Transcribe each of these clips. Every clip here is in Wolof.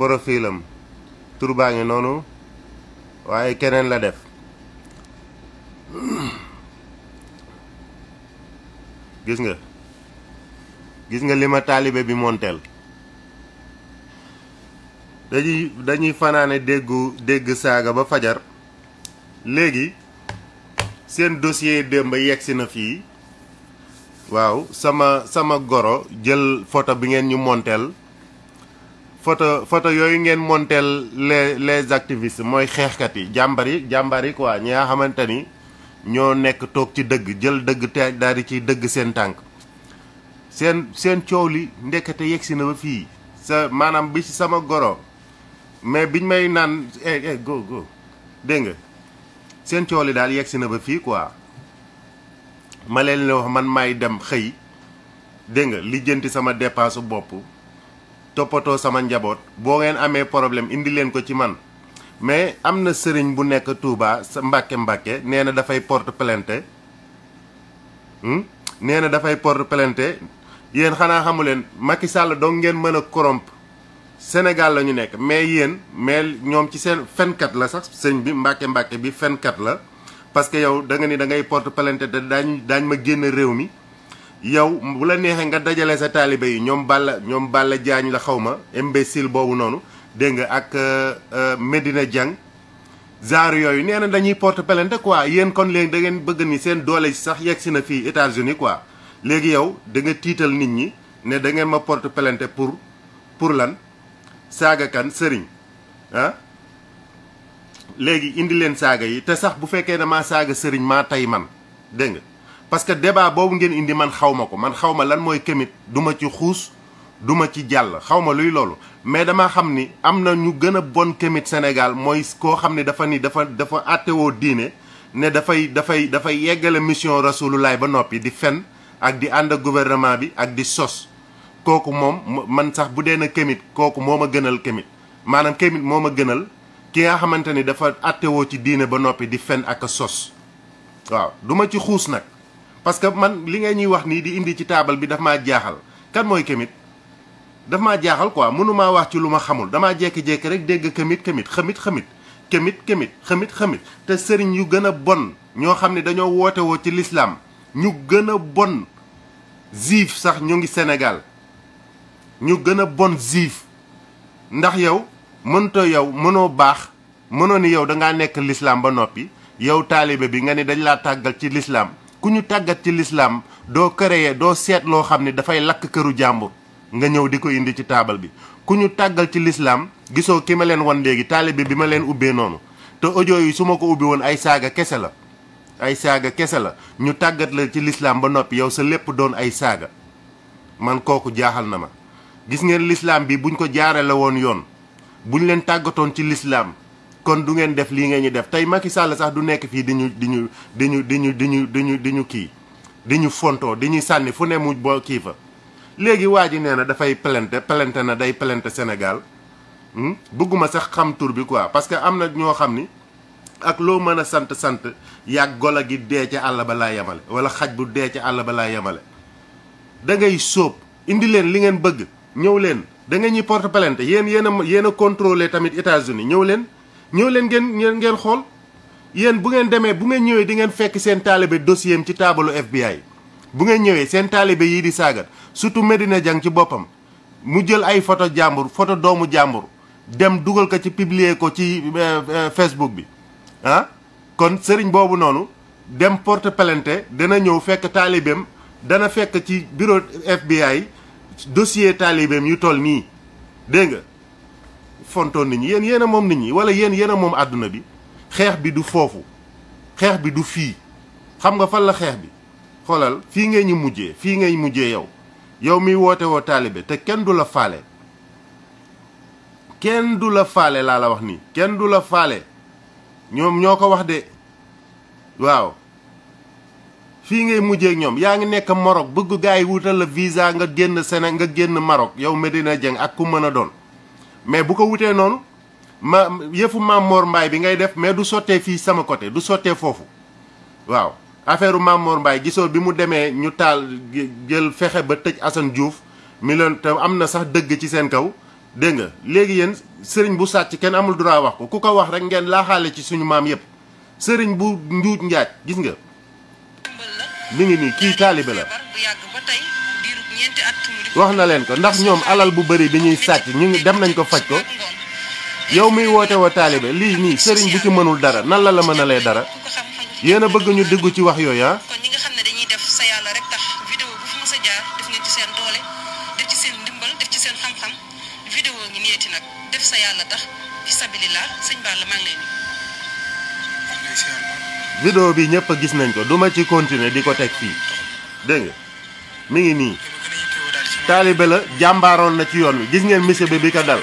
profil am tur baa ngi noonu waaye keneen la def gis nga gis nga li ma taalibe bi monteel dañuy dañuy fanaane déggu dégg saaga ba fajar léegi seen dossier démb yegsi na fii waaw sama sama goro jël foto bi ngeen ñu monteel foto photo yoy ngeen montel les les activistes moy jambari yi jàmbar yi jàmbar quoi ñi nga xamanteni ni nek tok ci deug jël deug te daal di ciy dëgg seen tànk sen seen ndekete ba fi sa manam bi ci sama goro mais biñ may nan eh eh go go deng sen ciowli daal yegsi na ba fi quoi ma leen ne wax man may dem xey deng nga sama dépasse bop toppatoo sama njaboot boo ngeen amee problème indi leen ko ci man mais am na sëriñ bu nekk Touba sa Mbàkke Mbàkke nee na dafay porte plainte hmm? nee na dafay porte palante yéen xanaa xamu leen Macky Sall dong ngeen mën a corrompre Sénégal la ñu nekk mais yéen mais ñoom ci seen fenkat la sax sëñ bi Mbàkke Mbàkke bi fenkat la parce que yow da nga ni da ngay porte palante te daañ daañ ma génn réew mi yow bu la neexee nga dajale sa taalibe yi ñoom Balla ñoom Balla jaañ la xaw ma imbécile boobu noonu dégg nga ak euh, euh, Medina Diang genre yooyu nee na dañuy porte plainte quoi yéen kon léegi da ngeen bëgg ni seen doole si sax yegg si na fii États-Unis quoi léegi yow danga tiital nit ñi ne da ngeen ma porte plainte pour pour lan saaga kan sëriñ ah léegi indi leen saaga yi te sax bu fekkee damaa saaga sëriñ maa tey man dégg nga parce que débat boobu ngeen indi man xawma ko man xaw ma lan mooy këmit du ma ci xuus du ma ci jàll xaw ma luy loolu mais dama xam ni am na ñu gën a bon këmit Sénégal mooy koo xam ne dafa ni dafa dafa àttewoo diine ne dafay dafay dafay yeggale mission rasulullah ba noppi di fen ak di ànd ak gouvernement bi ak di sos kooku moom man sax bu dee na këmit kooku moo ma gënal këmit maanaam këmit moo ma gënal ki nga xamante ni dafa àttewoo ci diine ba noppi di fen ak a sos waaw du ma ci xuus nag parce que man li ngay ñuy wax ni di indi ci table bi daf ma jaaxal kan moy kemit daf ma jaaxal quoi mënumaa wax ci luma xamul dama kemit kemit, rek dégg kemit kemit xamit xamit kemit kemit xamit xamit te sëriñ yu gëna bon ño xamni ne dañoo woote wo ci l'islam ñu gëna bon zif sax ñu ngi sénégal ñu gëna bon zif, ndax yow mënta yow mëno bax mënoo ni yow da nga nek l'islam ba nopi yow talibé bi nga ni dañ la tàggal ci l'islam ku ñu tàggat ci lislaam doo créer doo seet loo xam ne dafay lakk këru jàmbur nga ñëw di ko indi ci taabal bi ku ñu tàggal ci lislaam gisoo ki ma leen wan léegi taalibe bi ma leen ubbee noonu te audio yi su ma ko ubbi woon ay saaga kese la ay saaga kese la ñu tàggat la ci lislaam ba noppi yow sa lépp doon ay saaga man kooku jaaxal na ma gis ngeen lislaam bi buñ ko jaare la woon yoon buñ leen tàggatoon ci lislaam kon du ngeen def lii ngeen ñu def tey Macky Sall sax du nekk fii di ñu di ñu di ñu di ñu di ñu di ñu kii di ñu fontoo di ñuy sànni fu ne mu boo kii fa léegi waa ji nee na dafay plainte plainte na day plainte Sénégal hmm? bëgguma sax xam tur bi quoi parce que am na ñoo xam ni ak loo mën a sant sant yàgg golo gi dee ca àll ba laa yemale wala xaj bu dee ca àll ba laa yemale da ngay sóob indi leen li ngeen bëgg ñëw leen da nga ñuy porte plainte yéen yéen a yéen a contrôlé tamit États-Unis ñëw leen ñëw leen ngeen ngeen xool yéen bu ngeen demee bu ngeen ñëwee di ngeen fekk seen taalibe dossier am ci taabalu FBI bu ngeen ñëwee seen taalibe yii di saagat surtout Medina Jang ci boppam mu jël ay photo jàmbur photo doomu jàmbur dem dugal ko ci publier ko ci euh, euh, Facebook bi ah kon sëriñ boobu noonu dem porte plainte dana ñëw fekk taalibeem dana fekk ci bureau FBI dossier taalibeem yu toll nii dégg nga fontoon nit ñi yéen yéen moom nit ñi wala yéen yéen moom àdduna bi xeex bi du foofu xeex bi du fii xam nga fan la xeex bi xoolal fii ngay ñu mujjee fii ngay mujjee yow yow miy woote woo taalibe te kenn du la faale kenn du la faale laa la wax nii kenn du la faale ñoom ñoo ko wax de waaw fii ngay mujjee ñoom yaa ngi nekk Maroc bëgg gaa yi wutal la visa nga génn sene nga génn Maroc yow Medina Dieng ak ku mën a doon mais bu ko wutee noonu ma yëfu maam Mor bi ngay def mais du sottee fii sama côté du sottee foofu waaw affaire u maam gisoo bi mu demee ñu taal jël fexe ba tëj Assane Diouf mi te am na sax dëgg ci seen kaw dégg nga léegi yéen sëriñ bu sàcc kenn amul droit wax ko ku ko wax rek ngeen laaxaale ci suñu maam yépp sëriñ bu njuuj njaaj gis nga mi ngi nii kii taalibe la wax na leen ko ndax ñoom alal bu bëri bi ñuy sàcc ñu dem nañ ko faj ko yow miy woote woo taalibe lii nii sëriñ bi ci mënul dara nan la la mën a lay dara yéen a bëgg ñu déggu ci wax yooyu ah. kon bi ñëpp a gis nañ ko duma ci continuer di ko teg fii dégg nga mi ngi nii. taalibe la jàmbaaroon na ci yoon wi gis ngeen monsieur bi bi ko dal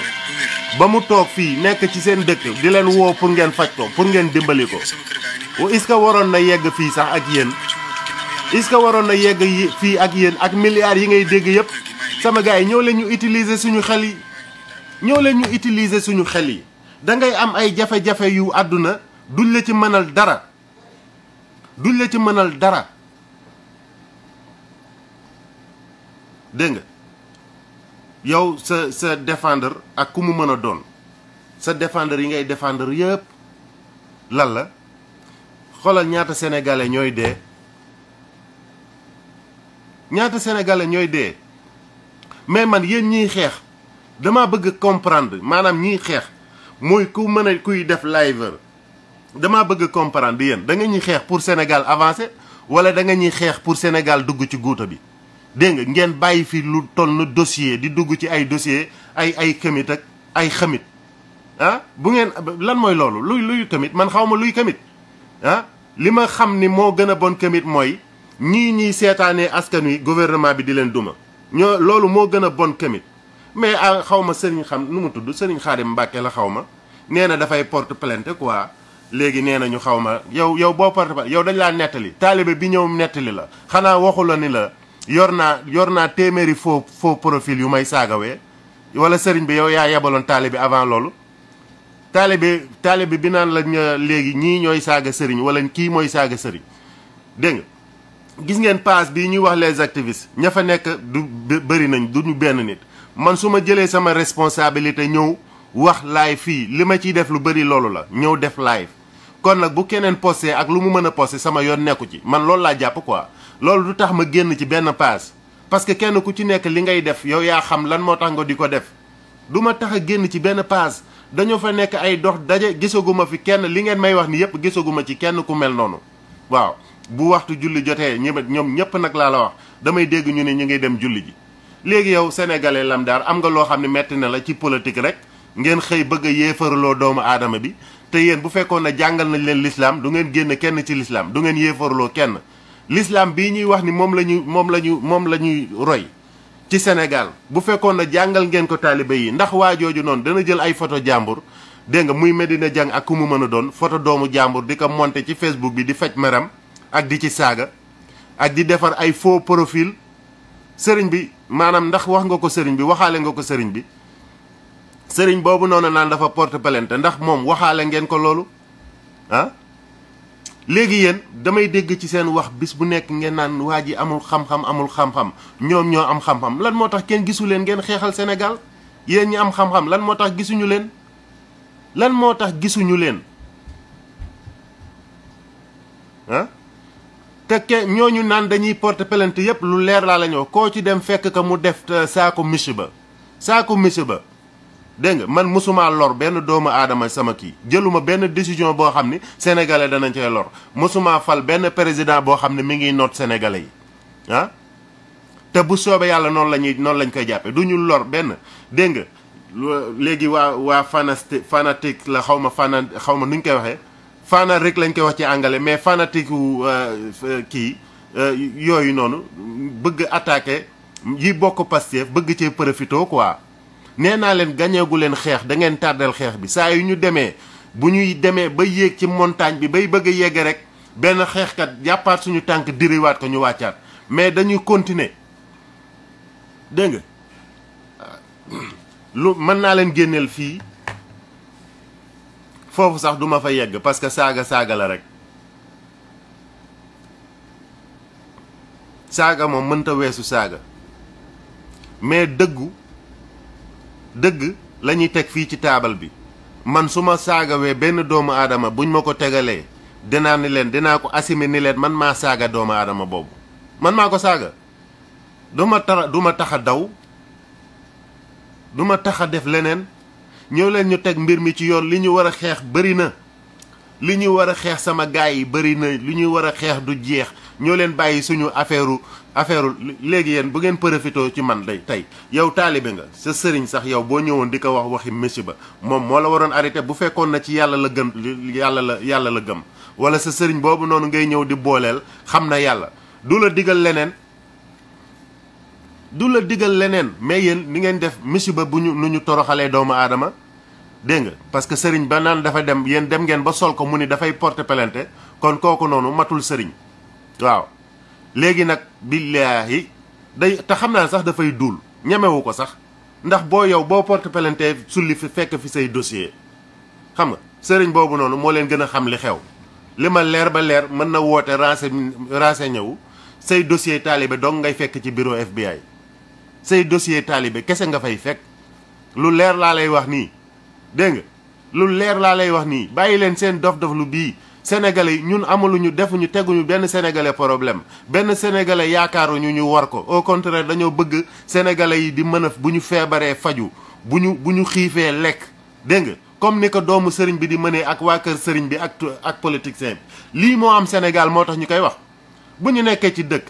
ba mu toog fii nekk ci seen dëkk di leen woo pour ngeen faj ko pour ngeen dimbali ko est-ce que waroon na yegg fii sax ak yéen est-ce que waroon na yegg fii ak yéen ak milliards yi ngay dégg yépp sama gars yi ñëw leen ñu utiliser suñu xel yi ñëw leen ñu utiliser suñu xel yi da ngay am ay jafe-jafe yu àdduna duñ la ci mënal dara duñ la ci mënal dara dégg nga yow sa sa défendre ak ku mu mën a doon sa défendre yi ngay défendre yëpp lan la xoolal ñaata sénégalais ñooy dee ñaata sénégalais ñooy dee mais man yéen ñiy xeex dama bëgg comprendre maanaam ñiy xeex mooy ku mën a kuy def liveur dama bëgg comprendre yéen da nga ñuy xeex pour Sénégal avancer wala da nga ñuy xeex pour Sénégal dugg ci guuta bi dégg nga ngeen bàyyi fi lu toll na dossier di dugg ci ay dossier ay ay këmit ak ay xamit ah bu ngeen lan mooy loolu luy luy këmit man xaw ma luy këmit ah li ma xam ni moo gën a bon këmit mooy ñii ñiy seetaanee askan wi gouvernement bi di leen duma ñoo loolu moo gën a bon këmit mais ah xaw ma sëriñ xam nu mu tudd sëriñ Xaadim Mbàkke la xaw ma nee na dafay porte plainte waa léegi nee nañu xaw ma yow yow boo porte yow dañ laa nettali taalibe bi ñëw nettali la xanaa waxu la ni la yor naa yor naa téeméeri faux faux profil yu may saagawee wala sëriñ bi yow yaa yebaloon taalibe bi avant loolu taalibe taalibe bi naan la léegi ñi ñooy saaga sëriñ wala kii mooy saaga sëriñ dégg nga gis ngeen paas bii ñuy wax les activistes ña fa nekk du bëri nañ duñu benn nit man su ma jëlee sama responsabilité ñëw wax live fii li ma ciy def lu bëri loolu la ñëw def live kon nag bu keneen posté ak lu mu mën a posté sama yoon nekku ci man loolu laa jàpp quoi loolu du tax ma génn ci benn paas parce que kenn ku ci nekk li ngay def yow yaa xam lan moo tax nga di ko def du ma tax a génn ci benn paas dañoo fa nekk ay dox daje gisaguma fi kenn li ngeen may wax ni yëpp gisaguma ci kenn ku mel noonu waaw bu waxtu julli jotee ñi ñoom ñëpp nag laa la wax damay dégg ñu ne ñu ngi dem julli ji léegi yow sénégalais lam daar am nga loo xam ne metti na la ci politique rek ngeen xëy bëgg a yéefaraloo doomu aadama bi te yéen bu fekkoon ne jàngal nañ leen lislaam du génn kenn ci lislaam du ngeen yéefaraloo kenn lislaam bii ñuy wax ni moom la ñu moom la ñu moom la ñuy roy ci Sénégal bu fekkoon na jàngal ngeen ko taalibe yi ndax waa jooju noonu dana jël ay photo jàmbur dégg nga muy Medina jàng ak ku mu mën a doon photo doomu jàmbur di ko monter ci Facebook bi di faj meram ak di ci saaga ak di defar ay faux profil sëriñ bi maanaam ndax wax nga ko sëriñ bi waxaale nga ko sëriñ bi sëriñ boobu noonu naan dafa porte plainte ndax moom waxaale ngeen ko loolu ah léegi yéen damay dégg ci seen wax bis bu nekk ngeen naan waa ji amul xam-xam amul xam-xam ñoom ñoo am xam-xam lan moo tax kenn gisu leen ngeen xeexal senegal yéen ñi am xam-xam lan moo tax gisuñu leen lan moo tax gisuñu leen ah te ke ñu naan dañuy porte plainte yépp lu leer laa la ñoo koo ci dem fekk ko mu def euh, saako miche ba saako miche ba dégg nga man mosuma lor benn doomu aadama sama kii jëluma benn décision boo xam ni sénégalais danañ cee lor mosuma fal benn président boo xam ne mi ngi noot sénégalais yi ah? te bu soobee yàlla noonu la ñuy noonu lañ koy jàppee du ñu lor benn dégg nga léegi waa waa fanati fanatique la xaw ma fana xaw ma nuñ koy waxee fana rek lañ koy wax ci angale mais fanatique wu euh, euh, kii euh, yooyu noonu bëgg attaqué yi bokk Pastef bëgg cee profité quoi. nee naa leen gañeegu leen xeex da ngeen tàddal xeex bi saa yu ñu demee bu ñuy demee ba yéeg ci montagne bi bay bëgg a yegg rek benn xeexkat jàppaat suñu tànk diriwaat ko ñu wàccaat mais dañuy continuer dégg nga lu mën naa leen génneel fii foofu sax duma fa yegg parce que saaga saaga la rek saaga moom mënta weesu saaga mais dëggu dëgg lañuy teg fii ci taabal bi man su ma saagawee benn doomu aadama buñ ma ko tegalee dinaa ni leen dinaa ko assumer ni leen man maa saaga doomu aadama boobu man maa ko saaga du ma tax duma tax a daw duma tax a def leneen ñëw leen ñu teg mbir mi ci yoon li ñu war a xeex bëri na li ñuy war a xeex sama gars yi bëri na li ñuy war a xeex du jeex ñoo leen bàyyi suñu affaire affaire léegi yéen bu ngeen profitoo ci man day tey yow taalibe nga sa sëriñ sax yow boo ñëwoon di ko wax waxi monsieur ba moom moo la waroon arrêté bu fekkoon na ci yàlla la gëm yàlla la yàlla la gëm wala sa sëriñ boobu noonu ngay ñëw di booleel xam na yàlla du la digal leneen du la digal leneen mais yéen ni ngeen def monsieur ba bu ñu nu ñu toroxalee doomu aadama dégg nga parce que sëriñ ba naan dafa dem yéen dem ngeen ba sol ko mu ni dafay porter pelante kon kooku noonu matul sëriñ waaw léegi nag billaahi day te xam naa sax dafay duul ñemewu ko sax ndax boo yow boo porter plainte sulli fi fekk fi say dossier xam nga sëriñ boobu noonu moo leen gën a xam li xew li ma leer ba leer mën na woote renseign renseigné wu say dossier taalibe dong ngay fekk ci bureau FBI say dossier taalibe kese nga fay fekk lu leer laa lay wax nii dégg nga lu leer laa lay wax nii bàyyi leen seen dof-dof lu bii sénégalais yi ñun amaluñu defuñu teguñu benn sénégalais problème benn sénégalais yaakaaruñu ñu war ko au contraire dañoo bëgg sénégalais yi di mën a bu ñu feebaree faju bu ñu bu ñu xiifee lekk dégg nga comme ni ko doomu sëriñ bi di mënee ak waa kër sëriñ bi ak ak politicien lii moo am Sénégal moo tax ñu koy wax bu ñu nekkee ci dëkk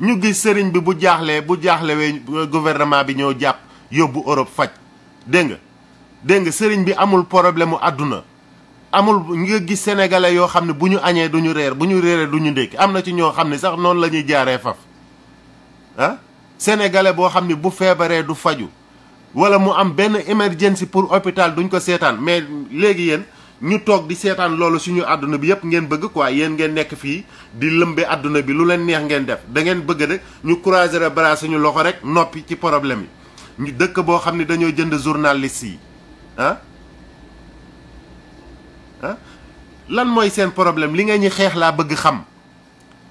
ñu gis sëriñ bi bu jaaxlee bu jaaxlewee euh, gouvernement bi ñoo jàpp yóbbu orop faj dégg nga dégg nga sëriñ bi amul problème mu àdduna amul nga gis sénégalais yoo xam ne bu ñu añee du ñu reer bu ñu reeree du ñu ndékki am na ci ñoo xam ne sax noonu la ñuy jaaree faf ah sénégalais boo xam ne bu feebaree du faju wala mu am benn émergence pour hôpital duñ ko seetaan mais léegi yéen ñu toog di seetaan loolu suñu àdduna bi yëpp ngeen bëgg quoi yéen ngeen nekk fii di lëmbe àdduna bi lu leen neex ngeen def da ngeen bëgg rek ñu croiser bras suñu loxo rek noppi ci problème yi ñu dëkk boo xam ne dañoo jënd journaliste yi lan moy sen problème li nga ñi xex la bëgg xam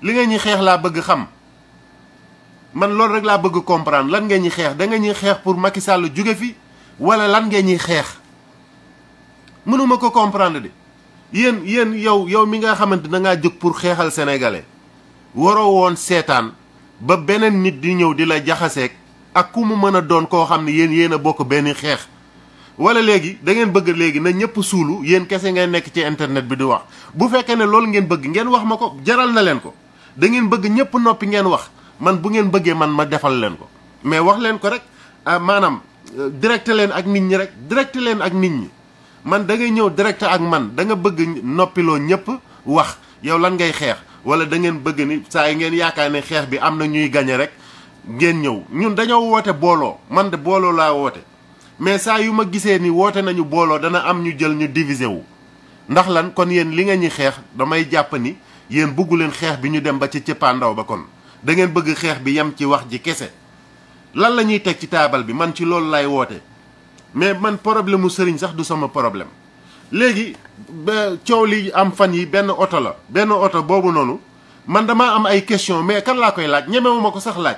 li nga ñi xex la bëgg xam man lool rek la bëgg comprendre lan nga ñi xex da nga ñi xex pour Macky Sall fi wala lan nga ñi xex mënuma ko comprendre de yeen yeen yow yow mi nga xamante da nga jëg pour xeexal sénégalais waroo won sétane ba benen nit di ñëw di la jaxasek ak ku mu mëna doon ko xamni yeen yeena bokk benn wala léegi da ngeen bëgg léegi na ñëpp suulu yéen kese ngeen nekk ci internet bi di wax bu fekkee ne loolu ngeen bëgg ngeen wax ma ko jaral na leen ko da ngeen bëgg ñëpp noppi ngeen wax man bu ngeen bëggee man ma defal leen ko mais wax leen ko rek ah, maanaam euh, directe leen ak nit ñi rek directe leen ak nit ñi man da ngay ñëw direct ak man da nga bëgg noppiloo ñëpp wax yow lan ngay xeex wala da ngeen bëgg ni saa yi ngeen yaakaar ne xeex bi am na ñuy gañe rek ngeen ñëw ñun dañoo woote booloo man de booloo laa woote mais saa yu ma gisee ni woote nañu booloo dana am ñu jël ñu diviser wu ndax lan kon yéen li nga ñi xeex damay jàpp ni yéen bëggu xeex bi ñu dem ba ci cëppaandaw ba kon da ngeen bëgg xeex bi yem ci wax ji kese lan la ñuy teg ci taabal bi man ci loolu lay woote mais man problème mu sëriñ sax du sama problème léegi ba coow li am fan yi benn oto la benn oto boobu noonu man damaa am ay question mais kan laa koy laaj ñemewuma ko sax laaj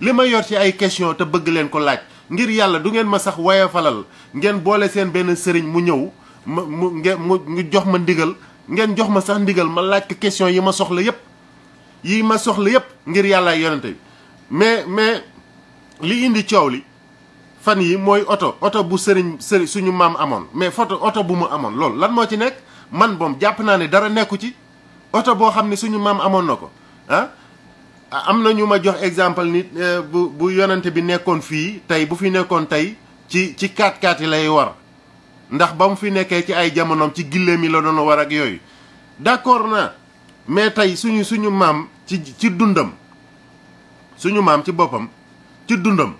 li ma yor ci ay question te bëgg leen ko laaj ngir yàlla du ngeen ma sax waye falal ngeen boole seen benn sëriñ mu ñëw ma mu ngeen mu jox ma ndigal ngeen jox ma sax ndigal ma laaj ko question yi ma soxla yépp yi ma soxla yépp ngir yàlla yonente bi mais mais li indi coow li fan yi mooy oto oto bu sëriñ sëriñ suñu maam amoon mais foto oto bu mu amoon loolu lan moo ci nekk man boom jàpp naa ne dara nekku ci oto boo xam ne suñu maam amoon na ko ah am na ñu ma jox exemple nit euh, bu bu yonent bi nekkoon fii tey bu fi nekkoon tey ci ci kaat kaat yi lay war ndax ba mu fi nekkee ci ay jamonoom ci gilleem yi la doon war ak yooyu d'accord na mais tey suñu suñu maam ci ci dundam suñu maam ci boppam ci dundam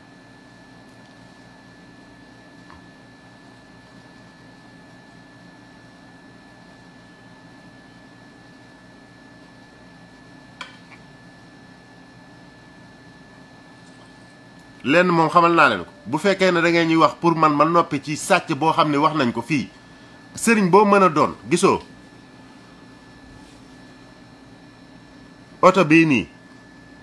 lenn moom xamal naa leen ko bu fekkee ne da ngeen ñuy wax pour man ma noppi ci sàcc boo xam ne wax nañ ko fii sëriñ boo mën a doon gisoo oto bii nii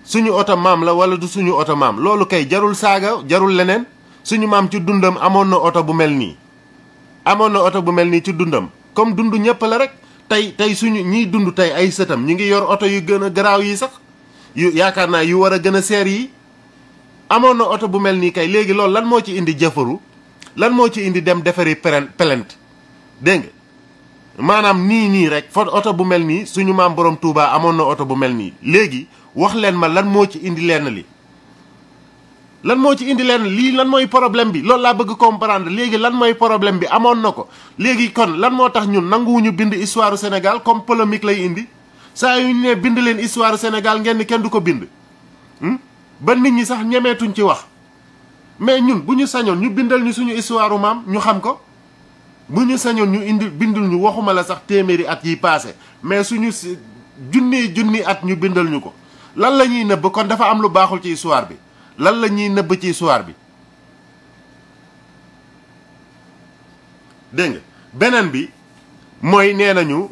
suñu oto maam la wala du suñu oto maam loolu kay jarul saaga jarul leneen suñu maam ci dundam amoon na oto bu mel nii amoon na oto bu mel nii ci dundam comme dund ñëpp la rek tey tey suñu ñiy dund tey ay sëtam ñu ngi yor oto yu gën a garaaw yi sax yaakaar naa yu war a gën a seer yi amoon na oto bu mel nii kay léegi loolu lan moo ci indi jëfaru lan moo ci indi dem defari plainte dégg nga maanaam nii nii rek fa oto bu mel nii suñu maam borom Touba amoon na oto bu mel nii léegi wax leen ma lan moo ci indi lenn li lan moo ci indi lenn lii lan mooy problème bi loolu laa bëgg comprendre léegi lan mooy problème bi amoon na ko léegi kon lan moo tax ñun nanguwuñu bind histoire Sénégal comme polémique lay indi saa yu ñu ne bind leen histoire Sénégal ngeen ni kenn du ko bind hmm? ba nit ñi sax ñemeetuñ ci wax mais ñun bu ñu sañoon ñu bindal ñu suñu histoire maam ñu xam ko bu ñu sañoon ñu indi bindul ñu waxuma la sax téeméeri at yi passé mais suñu junni junni at ñu bindal ñu ko lan la ñuy nëbb kon dafa am lu baaxul ci histoire bi lan la ñuy nëbb ci histoire bi dégg nga beneen bi mooy nee nañu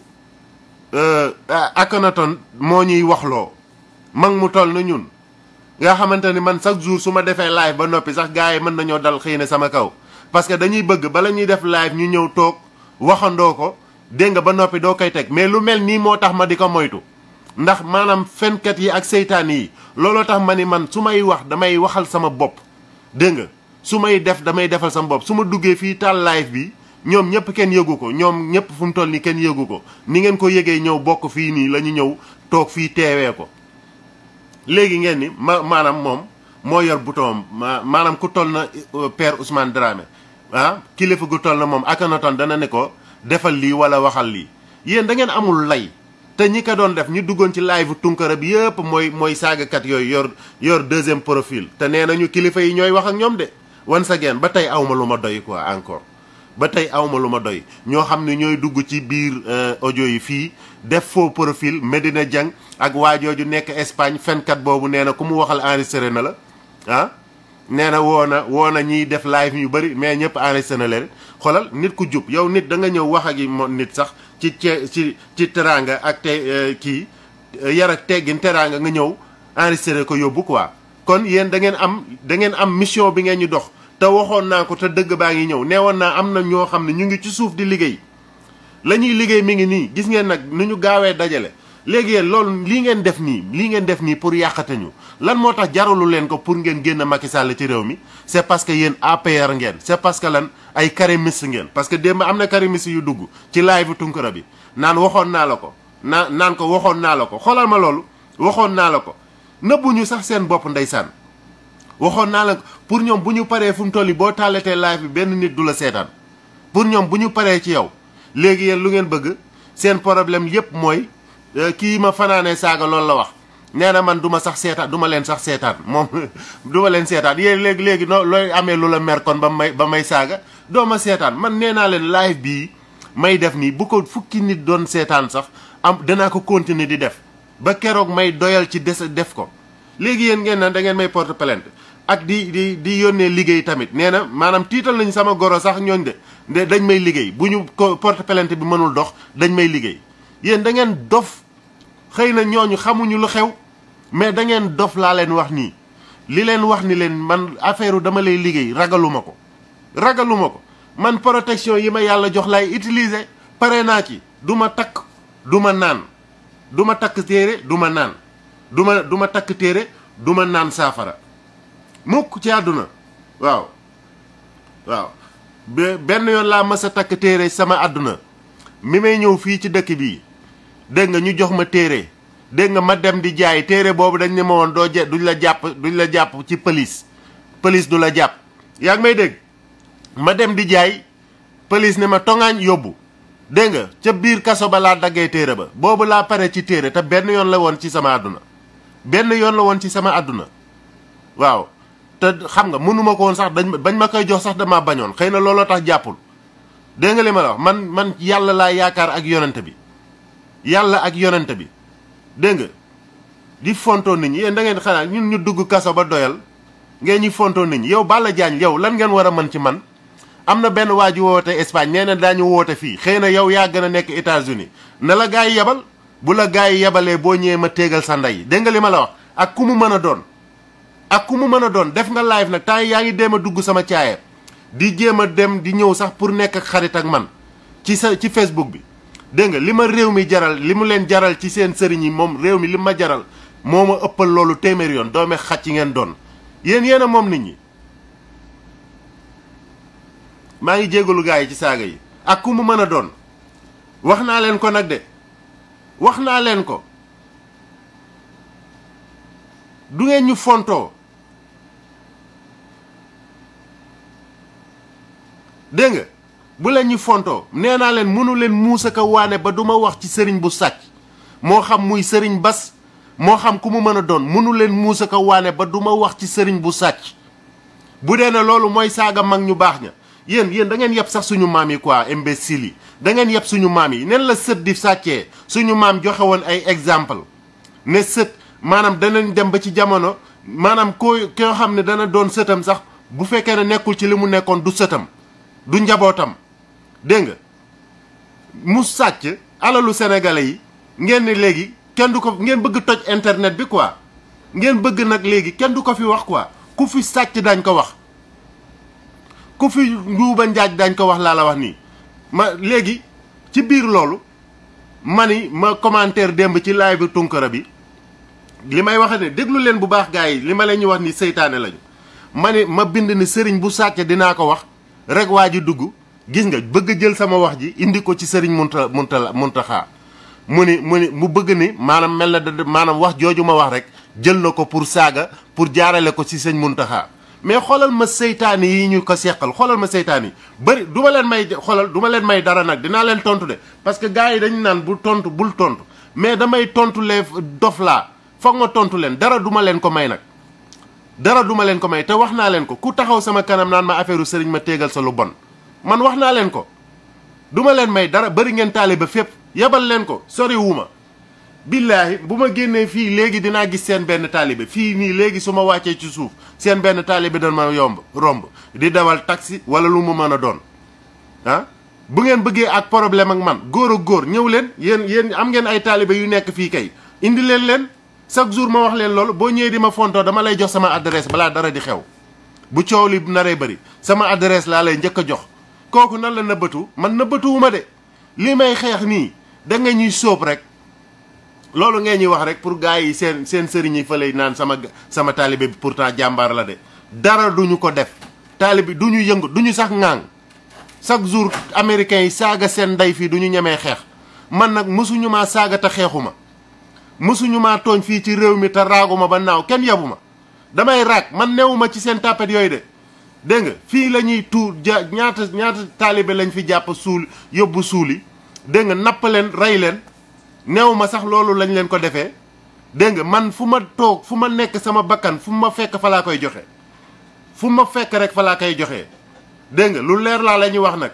euh, Akhenaton moo ñuy waxloo mag mu toll na ñun nga xamante ni man chaque jour su ma defee live ba noppi sax gars yi mën nañoo dal xëy na sama kaw parce que dañuy bëgg bala ñuy def live ñu ñëw toog waxandoo ko dégg nga ba noppi doo koy teg mais lu mel nii moo tax ma di ko moytu ndax maanaam fenkat yi ak seytaan yi looloo tax ma ni man su may wax damay waxal sama bopp dégg nga su may def damay defal sama bopp su ma duggee fii taal live bi ñoom ñëpp kenn yëgu ko ñoom ñëpp fu mu toll nii kenn yëgu ko ni ngeen ko yëgee ñëw bokk fii nii la ñu ñëw toog fii teewee ko léegi ngeen ni ma maanaam moom moo yor bouton maanaam ku toll na euh, père Ousmane Dramé ah kilifa gu toll na moom akana Akhenaton dana ne ko defal lii wala waxal lii yéen da ngeen amul lay te ñi ko doon def ñu duggoon ci live tunkara bi yëpp mooy mooy saagakat yooyu yor yor deuxième profil te nee nañu kilifa yi ñooy wax ak ñoom de once again ba tey awma lu ma doy quoi encore ba tey awma lu ma doy ñoo xam ne ñooy dugg ci biir euh, audio yi fii def foo profil Medina Dieng ak waajooju nekk Espagne fenkat boobu nee na ku mu waxal enregistré na la ah nee na woo na woo na ñiy def live yu bëri mais ñëpp enregistré na leen xoolal nit ku jub yow nit da nga ñëw wax ak yi moon nit sax ci ci ci teraanga ak te euh, kii euh, yar teggin teraanga nga ñëw enregistré ko yóbbu quoi kon yéen da ngeen am da ngeen am mission bi ngeen ñu dox te waxoon naa ko te dëgg baa ngi ñëw nee woon naa am na ñoo xam ne ñu ngi ci suuf di liggéey la ñuy liggéey mi ngi nii gis ngeen nag nu ñu gaawee dajale léegi yéen loolu lii ngeen def nii lii ngeen def nii pour yàqate ñu lan moo tax jaralu leen ko pour ngeen génn Macky Sall ci réew mi c'est parce que yéen APR ngeen c'est parce que lan ay karimiste ngeen parce que démb am na karimiste yu dugg ci live Tunkara bi naan waxoon naa la ko naa naan ko waxoon naa la ko xoolal ma loolu waxoon naa la ko ñu sax seen bopp ndeysaan waxoon naa la pour ñoom bu ñu paree fu mu toll yi boo taalatee live bi benn nit du la seetaan pour ñoom bu ñu paree ci yow léegi yéen lu ngeen bëgg seen problème yépp mooy euh, kii ma fanaanee saaga loolu la wax nee na man duma sax seetaan duma leen sax seetaan moom du ma leen seetaan yéen léegi léegi noo looy amee lu la mer ba may ba may saaga doo ma seetaan man nee naa leen live bi may def nii bu ko fukki nit doon seetaan sax am danaa ko continuer di def ba keroog may doyal ci des def ko léegi yéen ngeen naan da ngeen may porte plainte ak di di di yónnee liggéey tamit nee na maanaam tiital nañu sama goro sax ñooñ de dañ may liggéey bu ñu porte plainte bi mënul dox dañ may liggéey yéen da ngeen dof xëy na ñooñu xamuñu lu xew mais da ngeen dof laa leen wax nii li leen wax ni leen man affaire dama lay liggéey ragaluma ko ragaluma ko man protection yi ma yàlla jox lay utiliser pare naa ci du ma takk du ma naan duma takk téere du ma naan du ma du ma takk téere du ma naan saafara mukk ci àdduna waaw waaw benn yoon laa mës takk téere sama àdduna mi may ñëw fii ci dëkk bii dégg nga ñu jox ma téere dégg nga ma dem di jaay téere boobu dañ ne ma woon doo je duñ la jàpp duñ la jàpp ci pëlis pëlis du la jàpp yaa ngi may dégg ma dem di jaay pëlis ne ma toŋaañ yóbbu dégg nga ca biir kaso ba laa daggee téere ba boobu laa pare ci téere te benn yoon la woon ci sama àdduna benn yoon la woon ci sama àdduna waaw te xam nga mënuma ko woon sax dañ bañ ma koy jox sax dama bañoon xëy na looloo tax jàppul dégg nga li ma la wax man man yàlla laa yaakaar ak yonente bi yàlla ak yonente bi dégg nga di fontoo nit ñi yéen da ngeen xanaa ñun ñu dugg kaso ba doyal ngeen ñu fontoo nit ñi yow Balla Diagne yow lan ngeen war a mën ci man am na benn waa ji woote Espagne nee na daañu woote fii xëy na yow yaa gën a nekk États-Unis na la gaa yi yebal bu la gaa yi yebalee boo ñëwee ma téegal sa ndey dégg nga li ma la wax ak ku mu mën a doon ak ku mu mën a doon def nga live nag temps yaa ngi dem a dugg sama caaya di jéem a dem di ñëw sax pour nekk ak xarit ak man ci sa ci Facebook bi dégg nga li ma réew mi jaral li mu leen jaral ci seen sëriñ yi moom réew mi li ma jaral moo ma ëppal loolu téeméer yoon doome xaj yi ngeen doon yéen yéen moom nit ñi maa ngi jégalu gars yi ci saaga yi ak ku mu mën a doon wax naa leen ko nag de wax naa leen ko du ngeen ñu fontoo dégg nga bu leen ñu fontoo nee naa leen mënu leen muusaka waane ba du ma wax ci sëriñ bu sàcc moo xam muy sëriñ bas moo xam ku mu mën a doon mënu leen muusaka waane ba du ma wax ci sëriñ bu sàcc bu dee ne loolu mooy saaga mag ñu baax ña yéen yéen da ngeen yeb sax suñu maam yi quoi imbécile yi da ngeen yeb suñu maam yi neen la sët di sàccee suñu maam joxe woon ay exemple ne sët maanaam danañ dem ba ci jamono maanaam koo koo xam ne dana doon sëtam sax bu fekkee ne nekkul ci li mu nekkoon du sëtam du njabootam dégg nga mu sàcc alalu sénégalais yi ngeen ne léegi kenn du ko ngeen bëgg toj internet bi quoi ngeen bëgg nag léegi kenn du ko fi wax quoi ku fi sàcc dañ ko wax ku fi njuuba njaaj dañ ko wax laa la wax nii ma léegi ci biir loolu ma ni ma commentaire démb ci live bi tunkara bi li may wax ne déglu leen bu baax gars yi li ma leen ñu wax ni seytaane lañu ma ni ma bind ni sëriñ bu sàcc dinaa ko wax rek waa ji dugg gis nga bëgg jël sama wax ji indi ko ci sëriñ munta munta xaa mu ni mu ni mu bëgg ni maanaam mel na da maanaam wax jooju ma wax rek jël na ko pour saaga pour jaarale ko ci sëñ xaa mais xoolal ma seytaane yi ñu ko seqal xoolal ma seytaane yi bëri du leen may xoolal duma leen may dara nag dinaa leen tontu de parce que gars yi dañu naan bu tontu bul tontu mais damay tontu les dof laa foog ma tontu leen dara duma leen ko may nag dara duma leen ko may te wax naa leen ko ku taxaw sama kanam naan ma affaire sëriñ ma téegal sa lu bon man wax naa leen ko duma leen may dara bëri ngeen taaliba fépp yebal leen ko sori ma billaahi bu ma génnee fii léegi dinaa gis seen benn taalibe fii nii léegi su ma wàccee ci suuf seen benn taalibe dana ma yomb romb di dawal taxi wala lu ma mën a doon ah bu ngeen bëggee ak problème ak man góor ak góor ñëw leen yéen yéen am ngeen ay taaliba yu nekk fii kay indi leen leen chaque jour ma wax leen loolu boo ñëwee di ma fontoo dama lay jox sama adresse balaa dara di xew bu coow li naree bëri sama adresse laa lay njëkk a jox kooku nan la nëbbatu man nëbbatuwuma de li may xeex nii da nga ñuy soob rek loolu nga ñuy wax rek pour gars yi seen seen sëriñ yi fa lay naan sama sama taalibe bi pourtant jàmbaar la de dara duñu ko def taalibe du ñu yëngu du ñu sax ŋaang chaque jour américains yi saaga seen ndey fii du ñu ñemee xeex man nag mosuñu maa saaga te xeexuma mësuñu maa tooñ fii ci réew mi te raaguma ba naaw kenn yabu ma damay raag man newuma ci seen tapet yooyu de dégg nga fii la ñuy tuur ja ñaata ñaata taalibe lañ fi jàpp suul yóbbu suuli dégg nga napp rey leen neew ma sax loolu lañ leen ko defee dégg nga man fu ma toog fu ma nekk sama bakkan fu ma fekk falaa koy joxe fu ma fekk rek falaa koy joxe dégg nga lu leer laa la ñuy wax nag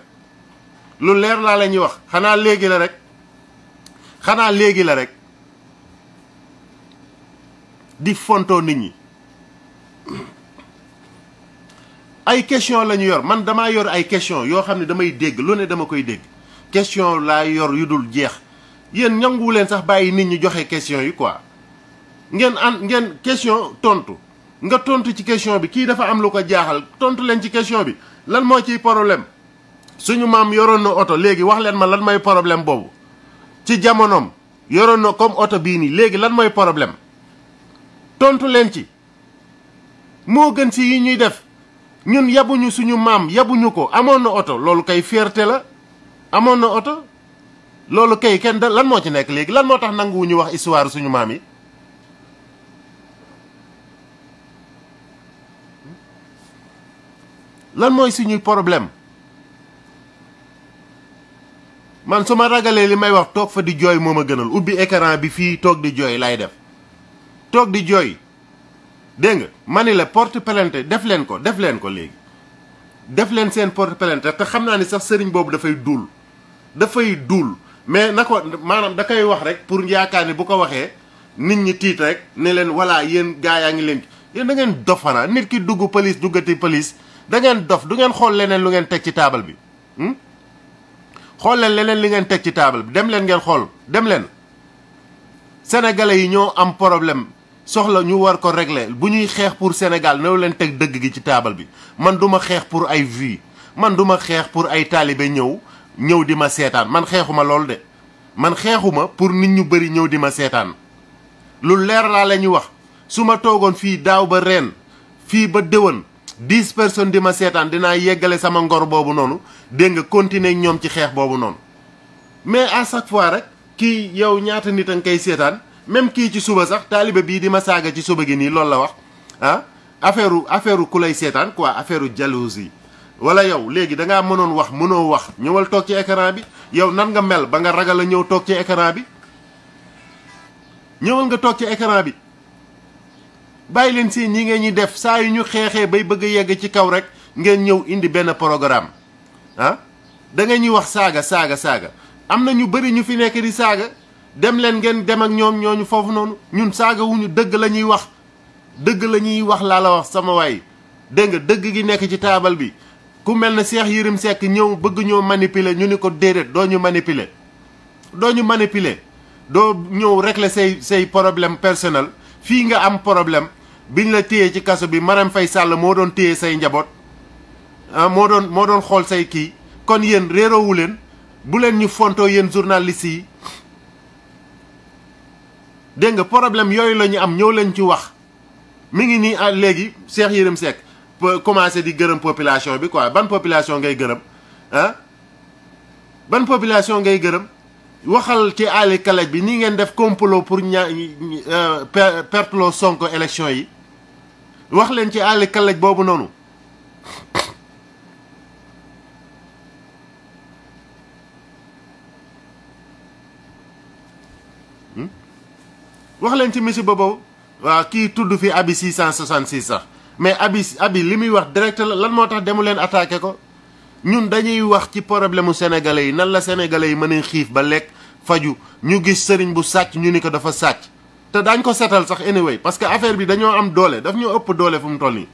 lu leer laa la ñuy wax xanaa léegi la rek xanaa léegi la rek di fontoo nit ñi ay question la ñu yor man damaa yor ay question yoo xam ne damay dégg lu ne dama koy dégg question laa yor yu dul jeex yéen ñanguwu leen sax bàyyi nit ñu joxe question yi quoi ngeen an ngeen question tontu nga tontu ci question bi kii dafa am lu ko jaaxal tontu leen ci question bi lan moo ciy problème suñu maam yoroon na oto léegi wax leen ma lan mooy problème boobu ci jamonoom yoroon na comme oto bii nii léegi lan mooy problème tontu len ci mo gën si yi ñuy def ñun yabuñu suñu mam yabuñu ko amoon na oto kay fierté la amoon na oto lolo kay kenn da lan mo ci nek legi lan moo tax ñu wax histoire suñu mam yi lan moy suñu problème man suma ragalé li may wax tok fa di joy moma gënal ubi écran bi fii tok di joy lay def toog di jooy dégg nga ma ni la porte plainte def leen ko def leen ko léegi def leen seen porte plainte te xam naa ni sax sëriñ boobu dafay duul dafay duul mais na ko maanaam da koy wax rek pour yaakaar ni bu ko waxee nit ñi tiit rek ne leen voilà yéen gaa yaa ngi leen yéen da ngeen dofana nit ki dugg police duggati police da ngeen dof du ngeen xool leneen lu ngeen teg ci taabal bi hmm? xool leen leneen li ngeen teg ci taabal bi dem leen ngeen xool dem leen sénégalais yi ñoo am problème soxla ñu war ko régler bu ñuy xeex pour Sénégal nous leen teg dëgg gi ci bi man pour ay vie man du pour ay talibé ñëw ñëw di ma seetaan man xeexuma lool man pour nous. ñu di ma lu leer la ñu wax ba ren fii ba 10 personnes di ma seetaan dinaa sama ngor ci mais à chaque fois rek kii yow ñaata même kii ci suba sax taalibe bii di ma saaga ci suba gi nii loolu la wax ah affaire affaire ku lay seetaan quoi affaire jalousie wala yow léegi da ngaa mënoon wax mënoo wax ñëwal toog ci écran bi yow nan nga mel ba nga ragal a ñëw toog ci écran bi ñëwal nga toog ci écran bi bàyyi leen si ñi ngeen ñi def saa yu ñu xeexee bay bëgg a yegg ci kaw rek ngeen ñëw indi benn programme ah da nga ñuy wax saaga saaga saaga am na ñu bëri ñu fi nekk di saaga. dem leen ngeen dem ak ñoom ñooñu foofu noonu ñun saagawuñu dëgg la ñuy wax dëgg la ñuy wax laa la wax sama waay dégg nga dëgg gi nekk ci taabal bi ku mel ne Cheikh Yérim Seck ñëw bëgg ñoo manipuler ñu ni ko déedéet doo ñu manipuler doo ñu manipuler doo ñëw la say say problème personnel fii nga am problème biñ la téyee ci kaso bi Marème fay Sall moo doon téye say njaboot ah moo doon moo doon xool say kii kon yéen réeroowu leen bu leen ñu fontoo yéen journalistes yi dégg nga problème yooyu la ñu am ñëw leen ci wax mu ngi nii ah, léegi Cheikh Yérim Seck commencé di gërëm population bi quoi ban population ngay gërëm ah ban population ngay gërëm waxal ci Ali Kalaj bi ni ngeen def complot pour ña euh, perteloo sonk élection yi wax leen ci Ali Kalaj boobu noonu wax leen ci monsieur ba boobu waaw kii tudd fi abi 666 sax mais abi abi li muy wax direct la lan moo tax demu leen attaqué ko ñun dañuy wax ci problème mu sénégalais yi nan la sénégalais yi mën a xiif ba lekk faju ñu gis sëriñ bu sàcc ñu ni ko dafa sàcc te dañ ko setal sax anyway parce que affaire bi dañoo am doole daf ñu ëpp doole fu mu toll nii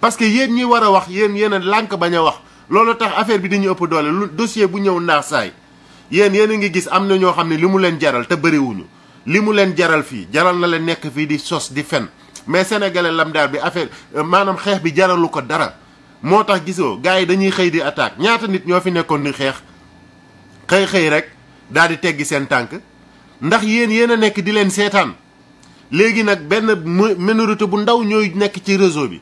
parce que yéen ñi war a wax yéen yéen a lànk bañ a wax loolu tax affaire bi dañu ëpp doole lu dossier bu ñëw naax saay yéen yéen a ngi gis am na ñoo xam ne li mu leen jaral te bëriwuñu li mu leen jaral fii jaral na leen nekk fii di sos di fen mais sénégalais lambda bi affaire euh, maanaam xeex bi jaralu ko dara moo tax gisoo gars yi dañuy xëy di attaque ñaata nit ñoo fi nekkoon di xeex xëy xëy rek daal di teggi seen tànk ndax yéen yéen a nekk di leen seetaan léegi nag benn minorité bu ndaw ñooy nekk ci réseau bi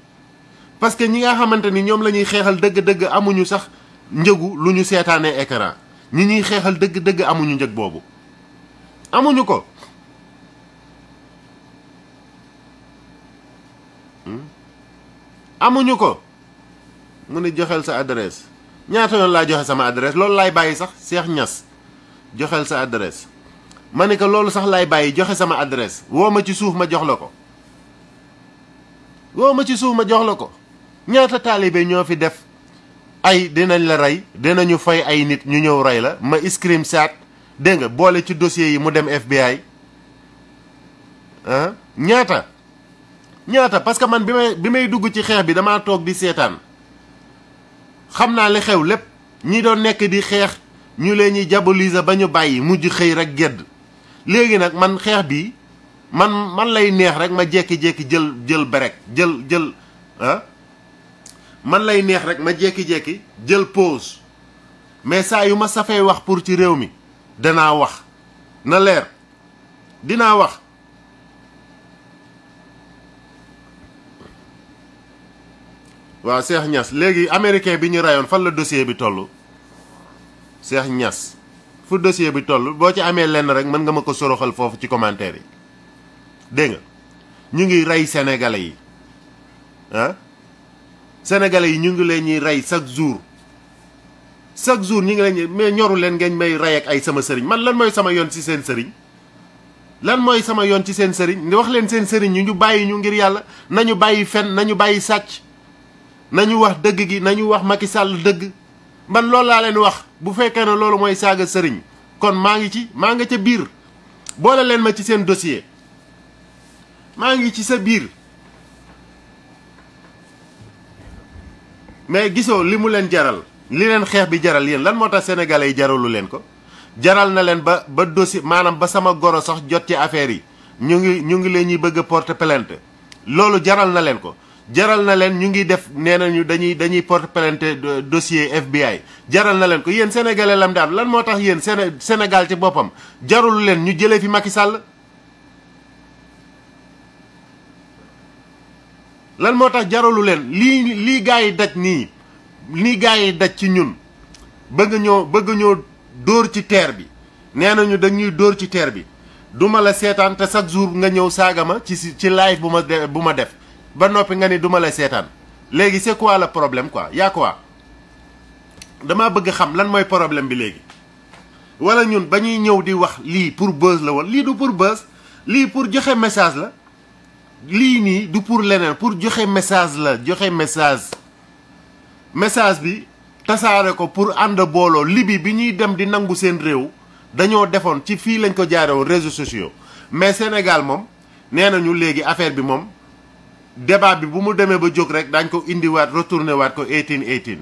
parce que ñi nga xamante ni ñoom la ñuy xeexal dëgg-dëgg amuñu sax njëgu lu ñu seetaanee écran ñi ñuy xeexal dëgg-dëgg amuñu njëg boobu amuñu ko amuñu ko mu ne joxel sa adresse ñaata yoon laa joxe sama adresse loolu laay bàyyi sax Cheikh ñas joxel sa adresse ma ne ko loolu sax laay bàyyi joxe sama adresse woo ma ci suuf ma jox la ko woo ma ci suuf ma jox la ko ñaata taalibe ñoo fi def ay dinañ la rey dinañu fay ay nit ñu ñëw rey la ma scrim saat dégg nga boole ci dossier yi mu dem FBI ah ñaata ñaata parce que man bi may bi dugg ci xeex bi dama toog di seetaan xam naa li xew lépp ñi doon nekk di xeex ñu leen ñuy diaboliser ba ñu bàyyi mujj xëy rek gedd léegi nag man xeex bi man man lay neex rek ma jekki-jekki jël jël berek jël jël ah man lay neex rek ma jekki-jekki jël pause mais saa yu ma safee wax pour ci réew mi wax na leer dinaa wax waaw Cheikh ñas léegi américain bi ñu rayoon fan la dossier bi toll Cheikh ñas fu dossier bi toll boo ci amee lenn rek mën nga ma ko soroxal foofu ci commentaire yi dégg nga ñu ngi rey sénégalais yi ah sénégalais yi ñu ngi leen ñuy rey chaque jours chaque jour ñu ngi leen ñuy mais ñoru leen ngeen may rey ak ay sama sëriñ man lan mooy sama yoon ci seen sëriñ lan mooy sama yoon ci seen sëriñ wax leen seen sëriñ ñu ñu bàyyi ñu ngir yàlla na ñu bàyyi fen na ñu bàyyi sàcc nañu wax dëgg gi nañu wax Macky Sall dëgg man loolu laa leen wax bu fekkee ne loolu mooy saaga sëriñ kon maa ngi ci maa nga ca biir boole leen ma ci seen dossier maa ngi ci sa biir mais gisoo li mu leen jaral li leen xeex bi jaral yéen lan moo tax sénégalais yi jaralu leen ko jaral na leen ba ba dossier maanaam ba sama goro sax jot ci affaire yi ñu ngi ñu ngi leen ñuy bëgg plainte loolu jaral na leen ko jaral na leen ñu ngi def nee nañu dañuy dañuy porte plainte dossier FBI jaral na leen ko yéen sénégalais lam daal lan moo tax yéen senegal ci boppam jarul leen ñu jëlee fi Macky sàll lan moo tax jaralu leen lii lii gars yi daj nii lii gars yi daj ci ñun bëgg ñoo bëgg ñoo dóor ci teer bi nee nañu dañuy dóor ci teer bi duma la seetaan te chaque jour nga ñëw saaga ma ci ci live bu ma bu ma def ba noppi nga ni duma la seetaan léegi c'est quoi le problème quoi y'a quoi dama bëgg xam lan mooy problème bi léegi wala ñun ba ñuy ñëw di wax lii pour bës la woon lii du pour buzz lii pour joxe message la lii nii du pour leneen pour joxe message la joxe message message bi tasaare ko pour ànd booloo libi bi ñuy dem di nangu seen réew dañoo defoon ci fii lañ ko jaare woon réseaux sociaux mais Sénégal moom nee nañu léegi affaire bi moom débat bi bu mu demee ba jóg rek daañ ko indiwaat retourné waat ko 18 18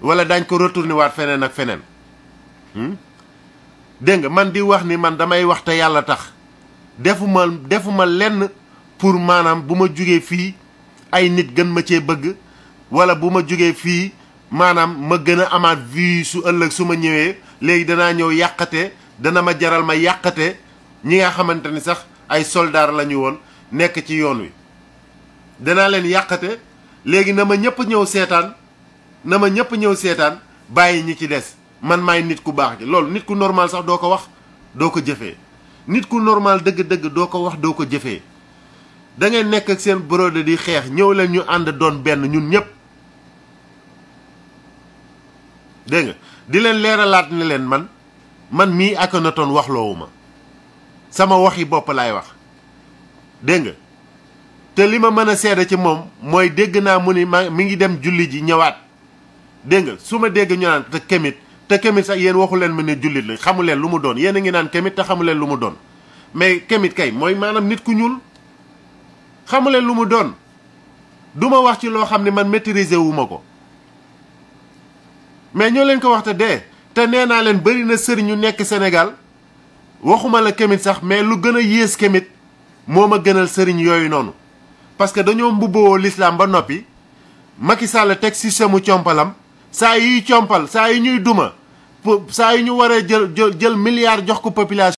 wala daañ ko retourné waat feneen ak feneen hmm? dégg nga man di wax ni man damay wax te yàlla tax defuma defuma lenn pour maanaam bu ma jugee fii ay nit gën ma cee bëgg wala bu ma jugee fii maanaam ma gën a amaat vie su ëllëg su ma ñëwee léegi danaa ñëw yàqate dana ma jaral ma yàqate ñi nga xamante ni sax ay soldaar la ñu woon nekk ci yoon wi danaa leen yàqate léegi na ma ñëpp ñëw seetaan na ma ñëpp ñëw seetaan bàyyi ñi ci des man may nit ku baax ji loolu nit ku normal sax doo ko wax doo ko jëfee nit ku normal dëgg-dëgg doo ko wax doo ko jëfee da ngay nekk ak seen brode di xeex ñëw leen ñu ànd doon benn ñun ñëpp dégg nga di leen leeralaat ne leen man man mii Akhenaton waxloowu ma sama waxi bopp laay wax dégg nga te li ma mën a seede ci moom mooy dégg naa mu ni ma mi ngi dem julli ji ñëwaat dégg nga su ma dégg ñu naan te kemit te kemit sax yéen waxu leen ma ne jullit la xamu leen lu mu doon yéen a ngi naan kemit te xamu leen lu mu doon mais kemit kay mooy maanaam nit ku ñuul xamu leen lu mu doon duma wax ci loo xam ne man maîtriser wu ma ko mais ñoo leen ko wax te dee te nee naa leen bëri na sëriñ ñu nekk Sénégal waxuma la kemit sax mais lu gën a yées kemit moo ma gënal sëriñ yooyu noonu. parce que dañoo mbubboo l'islam ba noppi Macky Sall teg système compalam saa yi compal saa yi ñuy duma saa yi ñu war a jël jël milliard jox ko population